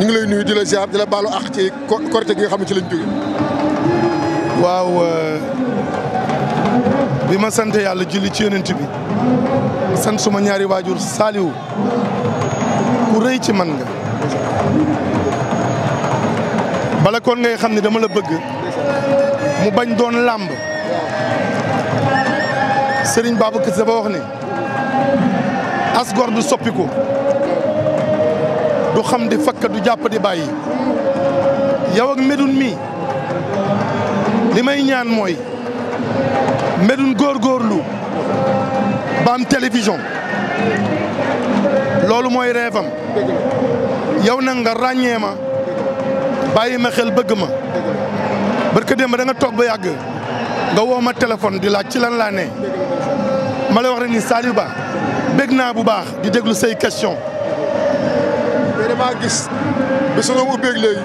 ñu ngi lay nuyu di la ziar di la baalu àq ci korite gi xam ci lañ jóge waaw euh, bi ma sante yàlla julli ci yonent bi sant suma ñaari waajur saaliwu ku rëy ci man nga bala kon ngay xam ne dama la bëgg mu bañ doon làmb sëriñ Babacar dafa wax ne as gor du soppiku du xam di fakk du jàpp di bàyyi yow ak Médoune mi li may ñaan mooy Médoune góor góorlu am télévision loolu mooy reefam yow nag nga ràññee ma bàyyi ma xel bëgg ma barka démb da nga toog ba yàgg nga woo ma téléphone di laaj ci lan laa ne ma lay wax rek ni Saliou naa bu baax di déglu say question maa gis bi solo ubbeeg léegi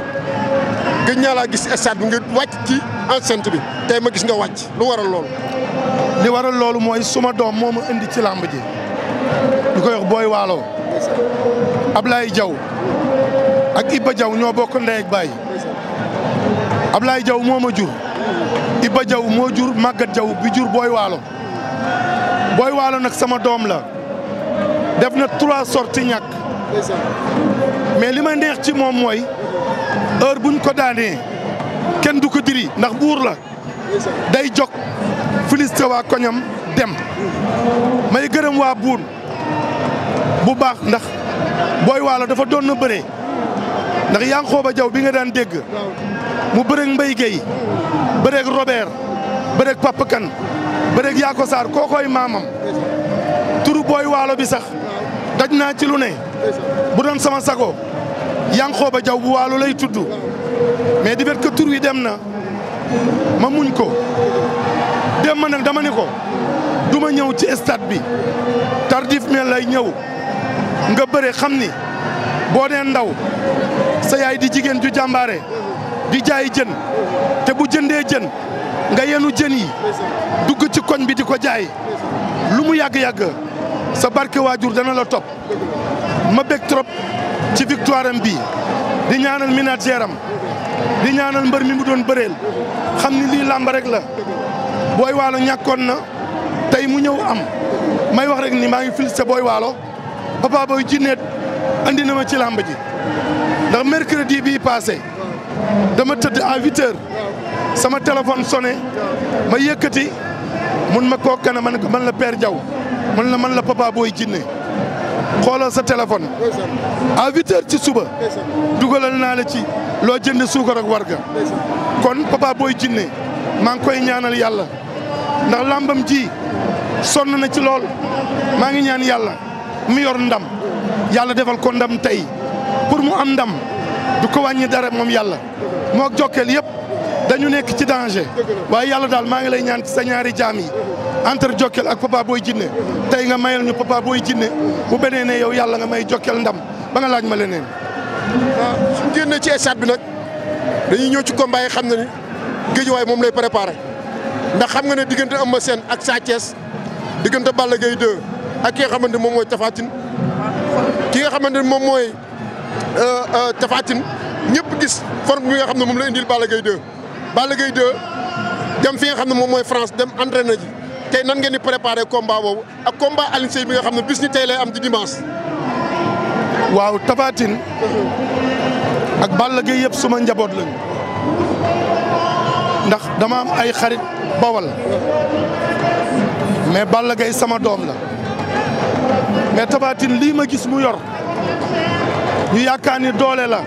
gëj naa laa gis stade bi nga wàcc ci enceinte bi tey ma gis nga wàcc lu waral loolu. li waral loolu mooy suma doom moo ma indi ci làmb ji ñu koy yox booy Waalo Ablaye Diaw ak Iba Diaw ñoo bokk ndey ak baay Ablaye Diaw moo ma jur Iba Diaw moo jur Maguette Diaw bi jur booy Waalo Boy Waalo nag sama doom la def na trois sorties ñàkk mais li ma neex ci moom mooy heure buñ ko daanee kenn du ko diri ndax buur la day jog félicité waa koñam dem may gërëm waa buur bu baax ndax booy waalo dafa doon na bëree ndax yaa ngi xooba jaw bi nga daan dégg mu bëreeg Mbaye Guèye bëreeg Robert bëreeg Papa Kane bëreeg Yaako Sarr maamam turu booy waalo bi sax daj naa ci lu ne bu doon sama sago Yankhoba jaw bu waalo lay tudd mais di bet que tur wi dem na ma muñ ko dem ma nag dama ni ko du ma ñëw ci stade bi tardif me lay ñëw nga bëre xam ni boo dee ndaw sa yaay di jigéen ju jàmbaare di jaay jën te bu jëndee jën nga yenu jën yi dugg ci koñ bi di ko jaay lu mu yàgg-yàgg sa barke waajur dana la topp ma bég trop ci victoire bii di ñaanal ménagère am di ñaanal mbër mi mu doon bëreel xam ni lii làmb rek la booy waalo ñàkkoon na tey mu ñëw am may wax rek ni maa ngi félicité sebooy waalo papa booy jinneet andi na ma ci làmb ji ndax mercredi bii passé dama tëdd à huit sama téléphone sone ma yëkkati mun ma koo kana man man la Père Diaw man la man la papa booy jinne xoolal sa téléphone à huit ci suba dugalal naa la ci loo jënd suukar war warga kon Papa Boy Djiné maa ngi koy ñaanal yàlla ndax làmbam ji sonn na ci lool maa ngi ñaan yàlla mu yor ndam yàlla defal ko ndam tey pour mu am ndam du ko wàññi dara moom yàlla moo jokkeel yëpp dañu nekk ci danger waaye yàlla daal maa ngi lay ñaan ci sa ñaari jaam yi entre Jokal ak Papa booy Djiné tey nga mayal ñu Papa booy Djiné bu benee ne yow yàlla nga may jokkeel ndam ba nga laaj ma leneen. waaw ah, suñ génnee ci stade bi nag dañuy ñëw ci combat yi xam ne géej waaye moom lay préparé ndax xam nga ne diggante Eumeu seen ak Sa Thiès diggante Balla gay 2 ak ki nga xamante moom mooy Tapha Tine ki nga xamante moom mooy euh, euh, Tapha Tine ñëpp gis forme bi nga xam ne moom la indil Balla Gaye 2 Balla Gaye 2 dem fi nga xam ne moom mooy France dem entraîné ji tey nan ngeen di préparé combat boobu ak combat Alioune Seye bi nga xam ne bis ni tey lay am di dimanche. waaw Tapha ak Balla Gaye yëpp suma njaboot lañu ndax dama am ay xarit bawal mais Balla Gaye sama doom la mais Tapha lii ma gis mu yor ñu yaakaar ni doole la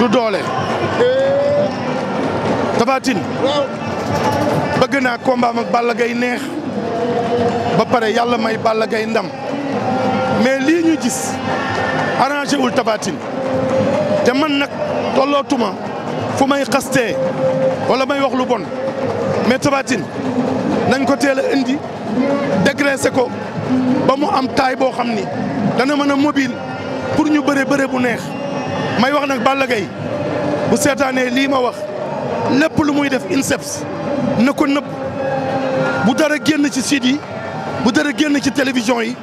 du doole eh. Tapha bëgg naa combat ak Balla gay neex ba pare yàlla may Balla Gaye ndam mais lii ñu gis arrangé wul Tapha te man nag tollootuma foo may xaste wala may wax lu bon mais Tapha Tine ko teel a indi dégraissé ko ba mu am taay boo xam ni dana mën a mobile pour ñu bëre bëre bu neex may wax nag Balla Gaye bu seetaanee lii ma wax. lépp lu muy def INSEPS na ko nëbb bu dara génn ci site yi bu dara génn ci télévision yi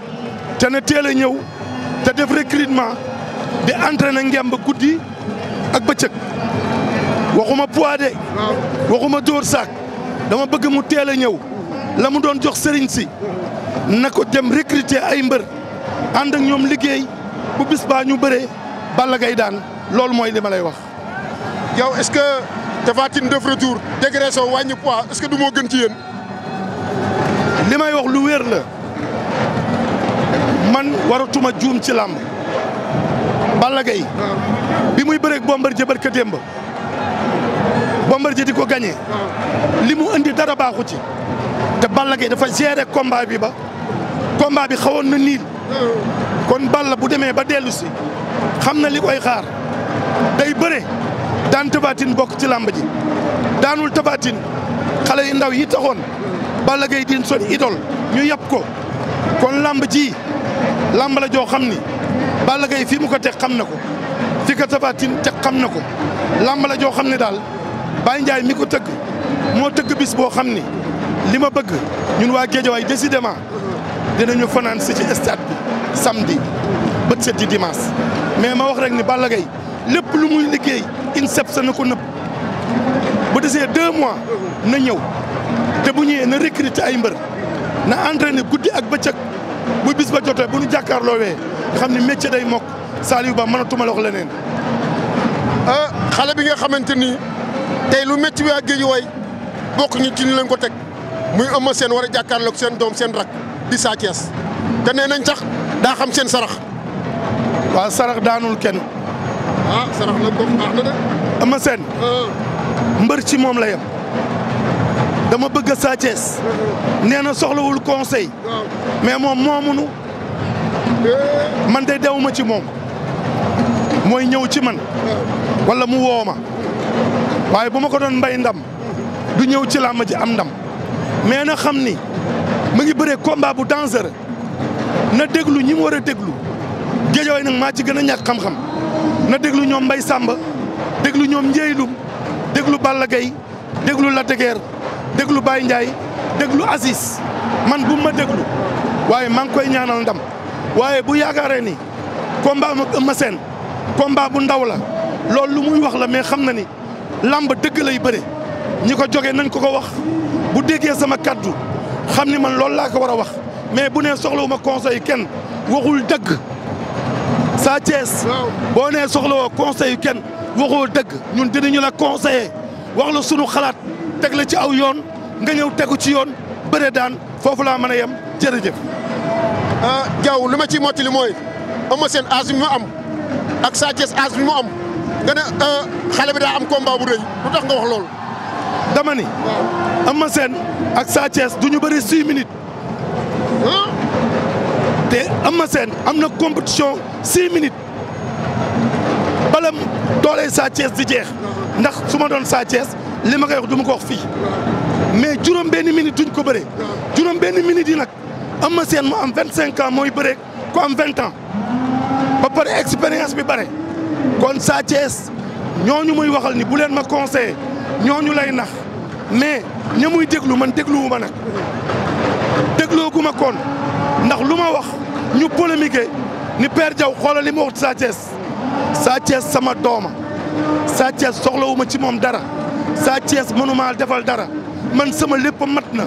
te na teel a ñëw te def recrutement di entraîner ngemb guddi ak bëccëg waxuma poids de waxuma dóor saak dama bëgg mu teel a ñëw la mu doon jox sëriñ si na ko dem recruter ay mbër ànd ak ñoom liggéey bu bis baa ñu bëre Balla Gaye daan loolu mooy li ma lay wax yow est Tapha Tine def retour dégraissé wàññi poids est-ce que du moo gën ci yéen. li may wax lu wér la man waratuma juum ci làmb Balla Gaye bi muy bëreeg Bombardier barka démb Bombardier di ko gagné li mu indi dara baaxu ci te Balla Gaye dafa géré combat bi ba combat bi xawoon na niil kon Balla bu demee ba dellusi si xam na li koy xaar day bëre. daan bokk ci làmb ji daanul tabatin xale yu ndaw yi taxoon Balla Gaye din son idole ñu yàpp ko kon làmb ji làmb la joo xam ni Balla Gaye fii mu ko teg xam na ko fi ko tabatin teg xam na ko làmb la joo xam ne daal baa Ndiaye mi ko tëgg moo tëgg bis boo xam ni li ma bëgg ñun waa Géejawaay décidément dinañu fanaan si ci stade bi samedi bët set di mais ma wax rek ni Balla Gaye lépp lu muy liggéey INSEP sa na ko nëpp bu desee deux mois na ñëw te bu ñëwee na recruter ay mbër na entraîner guddi ak bëccëg bu bis ba jotee bu nu jàkkaarloowee nga xam ne métier day mokk Saliou Ba mënatuma la wax leneen. Ah, xale bi nga xamante ni tey lu métti waa géej way bokk ñu ci ñu leen ko teg muy ëmma seen war a jàkkaarloog seen doom seen rak di Sa Thiès te nee nañ sax daa xam seen sarax. waa sarax daanul kenn. ah sarax ah. mbër ci moom la yem. dama bëgg Sa ah. nee na soxlawul conseil. Ah. mais moom moomunu eh. man de dewuma ci moom. mooy ñëw ci man. wala mu woo ma. waaye bu ma ko doon mbay ndam. du ñëw ci làmb ji am ndam. mais na xam ni ma ngi bëree combat bu dangereux na déglu ñi mu war a déglu géej nag maa ci gën a ñàkk xam-xam. na déglu ñoom Mbay Sàmba déglu ñoom Njéylum déglu Balla Gaye déglu Lac de déglu Baye Ndiaye déglu Aziz man bu ma déglu waaye maa ngi koy ñaanal ndam waaye bu yaakaaree ni combat am ak Eumeu Sène bu ndaw la loolu lu muy wax la mais xam na ni làmb dëgg lay bëre ñi ko jógee nañ ko ko wax bu déggee sama kaddu xam ni man loolu laa ko war a wax mais bu nee soxlawuma conseil kenn waxul dëgg Sa boo nee soxlawoo conseil yu kenn waxoo dëgg ñun dinañu la conseiller wax la sunu xalaat teg la ci aw yoon nga ñëw tegu ci yoon bëre daan foofu laa mën a yem jërëjëf. ah Diaw li ma ciy mottali mooy Eumeu Sène âge bi mu am ak Sa Thiès âge bi mu am nga ne euh, xale bi daa am combat bu rëy lu tax nga wax lool dama ni Eumeu Sène ak Sa Thiès du ñu bëri six minutes. te Eumeu Sène am na compétition six minutes bala doole Sa Thiès jeex ndax su ma doon Sa Thiès li ma koy du ma ko wax fii mais juróom benn minute duñ ko bëree juróom benn minute yi nag Eumeu Sène mu am vingt cinq ans mooy bëre ko am vingt ans ba pare expérience bi bare kon Sa Thiès ñooñu muy waxal ni bu leen ma conseillé ñooñu lay nax mais ña muy déglu man dégluwu ma nag dégloo gu ma kon ndax lu ma wax ñu polémiqué ni Père Diaw xoolal li ma wax Sa Thiès sama dooma Sa Thiès soxlawuma ci moom dara Sa Thiès mënumaa defal dara man sama lépp mat na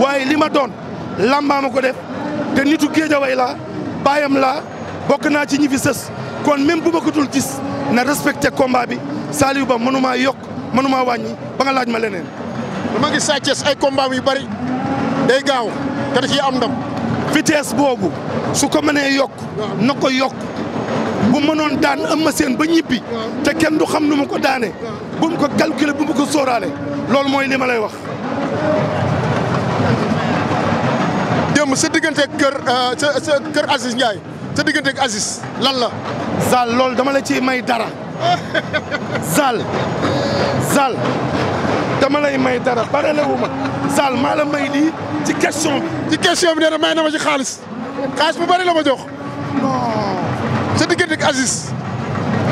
waaye li ma doon làmbaa ma ko def te nitu géejaway laa baayam laa bokk naa ci ñi sës kon même bu ma ko dul gis na respecté combat bi Saliou Ba mënumaa yokk mënumaa wàññi ba nga laaj ma leneen. dama gis Sa Thiès ay combat yu bari day gaaw. te da am ndam. vitesse boobu su ko mënee yokk na ko yokk bu mënoon daan Eumeu Sène ba ñibbi te kenn du xam nu mu ko daane bu mu ko calculer bu mu ko sóoraale loolu mooy li ma lay wax. démb sa diggante kër euh, sa sa sa diggante ak Aziz lan la. Zal loolu dama la ci may dara Zal Zal dama lay may dara barale wu ma Zal maa la may lii. ci question bi. ci question bi nee na may na ci xaalis xaalis bu bari la ma jox sa diggante ak Aziz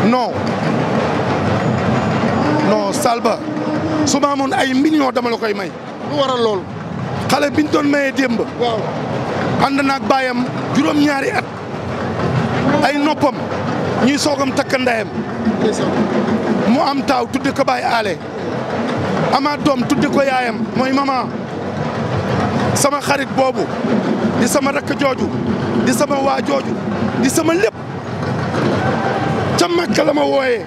non non Salba su amoon ay millions dama koy may. lu waral loolu. xale biñ doon mayee démb. waaw ànd baayam juróom-ñaari at ay noppam ñuy soogam takk mu am taaw tudde ko baay aale amaat doom tudde ko yaayam mooy maman. sama xarit boobu di sama rakk jooju di sama waa jooju di sama lépp ca Makka la ma wooyee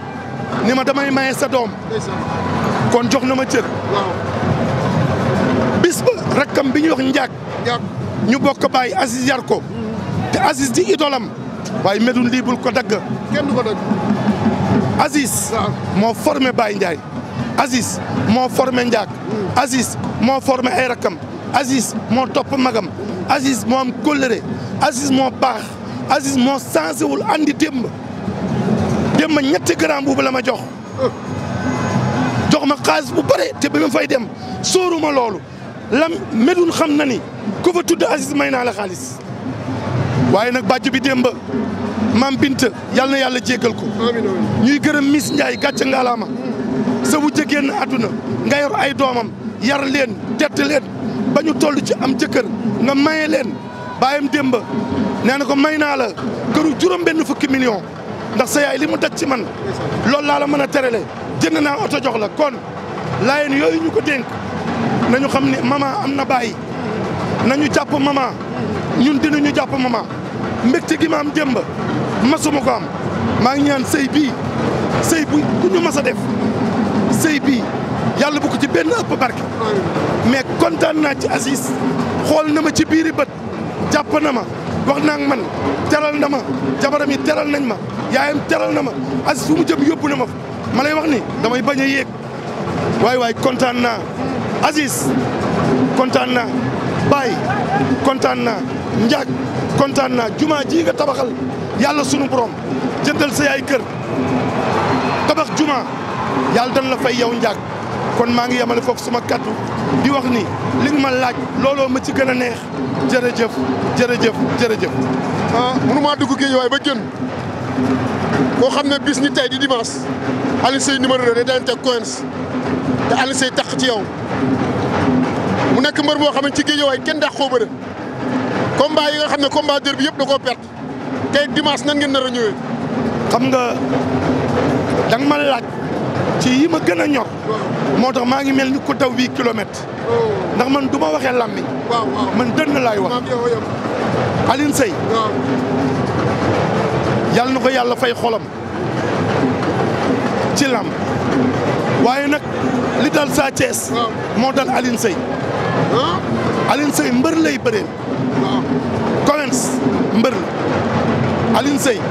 ni ma damay maye sa doom kon jox na ma cër bis ba rakkam bi ñuy wax njaag ñu bokk bàyyi Aziz yar ko te Aziz di idolam waaye medun lii bul ko dagg kenn ko dagg Aziz moo formé Baye Ndiaye Aziz moo forme njaag mm. Aziz moo formé ay rakkam Aziz moo topp magam Aziz moo am kóllëre Aziz moo baax Aziz moo sensé wul andi démb démb ñetti grand boobu la ma jox jox ma xaalis bu bare te bi ma fay dem sooruma loolu lam medul xam na ni ku fa tudd Aziz may naa la xaalis waaye nag bàjj bi démb maam Binta yàlla na yàlla jéggal ko ñuy gërëm Miss Ndiaye gàcce ngalaama sa wujj génn àdduna nga yor ay doomam yar leen tett leen ba ñu toll ci am jëkkër nga maye leen bàyyam démba nee na ko may naa la këru juróom benn fukki million ndax sa li mu daj ci man loolu laa la mën a terale jënd naa oto jox la kon laayeen yooyu ñu ko dénk nañu xam ne maman am na baay nañu jàpp maman ñun dinañu jàpp maman mbégte gi ma am démba masuma ko am maa ngi ñaan sëy bii sëy bu ku ñu mas a def sëy bii yàlla bu ko ci benn ëpp barke mais kontaan naa ci Aziz xool na ma ci biiri bët jàpp na ma wax naa ak man teral na ma jabaram yi teral nañ ma yaayam teral na ma Aziz fu mu jëm yóbbu na ma fa ma wax ni damay bañ a yéeg waay waay kontaan naa Aziz kontaan naa Baye kontaan naa Ndiak kontaan naa juma ji nga tabaxal yàlla sunu borom jëndal sa yaay kër tabax juma yàlla dan la fay yow Ndiak kon maa ngi yemale foofu suma kaddu di wax nii li nga ma laaj looloo ma ci gën a neex jërëjëf jërëjëf jërëjëf. ah mënumaa dugg géej ba jën koo xam ne bis ni tey di dimanche Alioune Seye numéro 2 day daan te Alioune Seye tax ci yow mu nekk mbër moo xam ne ci géej waaye kenn dàq koo bëre combat yi nga xam ne combat dër bi yëpp da koo perte tey dimanche nan ngeen nar a ñëwee. xam nga danga ma laaj. ci yi ma gën a ñor moo tax maa ngi mel ni ku daw huit kilomètres ndax man du ma waxee làmmiñ man dënn laay wax Alioune Seye yàlla na ko yàlla fay xolam ci làmb waaye nag li dal Sa Thiès moo dal Alioune Seye mbër lay bëreel Commens mbër la Alioune Seye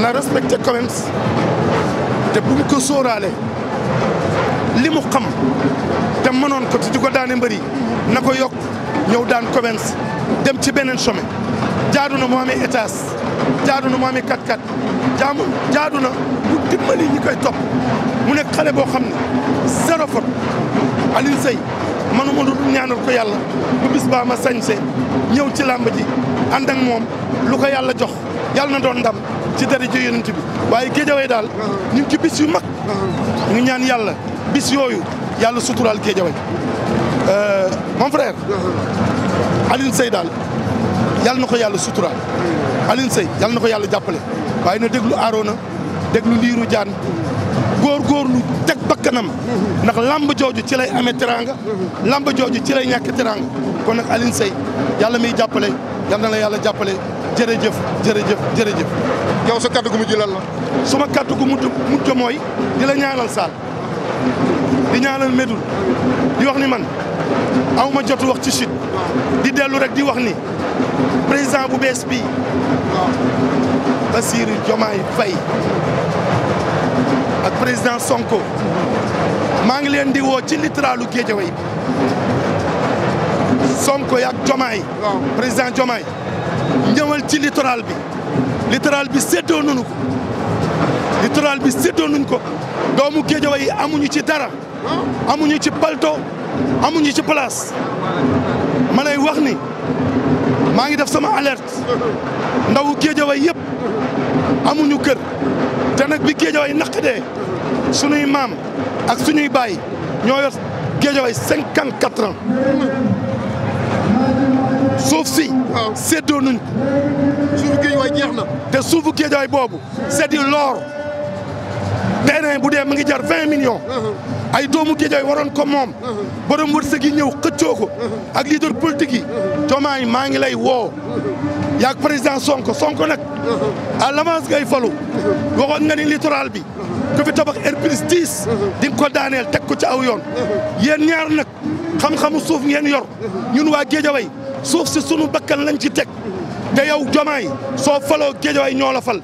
na respecté Commens te bu ko sóoraale li mu xam te mënoon ko te di ko daane mbëri na ko yokk ñëw daan commerce dem ci beneen chemin jaadu na mu amee étage jaadu na mu amee kat-kat jaamu jaadu na bu dimbali ñi koy topp mu nekk xale boo xam ne zéro faute Aliou Seye manu ma dul ñaanal ko yàlla bu bis baa ma sañse ñëw ci làmb ji moom lu ko yàlla jox yàlla na doon ndam ci daraja yonent bi waaye géejawaay daal ñu ngi ci bis yu mag ñu ñaan yàlla bis yooyu yàlla suturaal géejawaay euh, mon frère Alioune daal yàlla na ko yàlla suturaal Alioune Seye yàlla na ko yàlla jàppale waaye na déglu Arona déglu liiru jaan góorgóorlu teg bakkanam ndax làmb jooju ci lay amee teranga làmb jooju ci lay ñàkk teranga kon nag Alioune Seye yàlla may jàppale yàlla na la yàlla jàppale jërëjëf jërëjëf jërëjëf. yow sa kaddu gu mujj suma kaddu gu mujj mooy di la ñaanal Saal di ñaanal Médoune di wax ni man aw ma jotu wax ci chute di dellu rek di wax ni président bu bees bii Bassirou Diomaye Faye ak président Sonko maa ngi leen di woo ci littéralu Guédiawaye Sonko yaak Diomaye président Diomaye ñëwal ci littoral bi littoral bi séddoo nañu ko littoral bi séddoo nañu ko doomu géejaway amuñu ci dara amuñu ci palto amuñu ci place ma lay wax ni maa ngi def sama alerte ndawu géejaway yëpp amuñu kër te nag bi Géejawaay naqadee suñuy maam ak suñuy baay ñoo yor Géejawaay quatre ans suuf si. waaw séddoo nañ ko. suufu géej na. te suufu géej boobu c'est du l'or. terrain bu dee ma ngi jar vingt millions. Uh-huh. ay doomu géej waroon ko moom. Uh-huh. borom wërsëg yi ñëw xëccoo ko. Uh-huh. ak leader politique yi. Diomaye yi maa ngi lay woo. yaak président Sonko Sonko nag. à l'avance ngay falu. waxoon nga ni littoral bi. ku fi tabax R plus 10. di nga ko daaneel teg ko ci aw yoon. yéen ñaar nag xam-xamu suuf ngeen yor. ñun waa Géejawaay. suuf si sunu bakkan lañ ci teg te yow jomaay soo faloo géejawaay ñoo la fal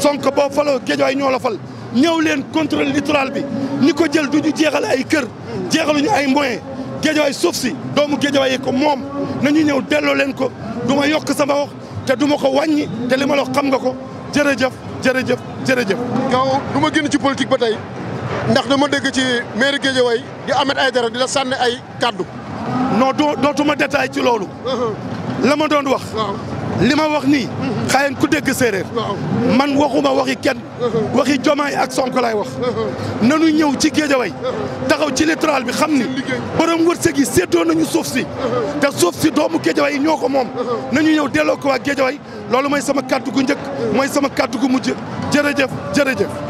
sonk boo faloo géejawaay ñoo la fal ñëw leen contrôle littoral bi ñi ko jël du ñu jeexal ay kër jeexaluñu ay moyen géejawaay suuf si doomu géejawaay yi ko moom nañu ñëw delloo leen ko du ma yokk sama wax te du ma ko wàññi te li ma la xam nga ko jërëjëf jërëjëf jërëjëf. yow du ma génn ci politique ba tey ndax dama dégg ci mairie géejawaay di Ahmed Aïdara di la sànni ay kàddu. non dootuma détail ci loolu. Uh-huh. la ma doon wax. li ma wax nii. Uh-huh. xaayeen ku dégg séeréer. man waxuma waxi kenn. Uh-huh. waxi jomaay ak Sonko laay wax. nanu ñëw ci géejaway taxaw ci littoral bi xam ni. borom wërsëg yi séddoo nañu suuf si. te suuf si doomu géejaway yi ñoo ko moom. nañu ñëw delloo ko waa géejawaay loolu mooy sama kàddu gu njëkk. mooy sama kàddu gu mujj jërëjëf jërëjëf.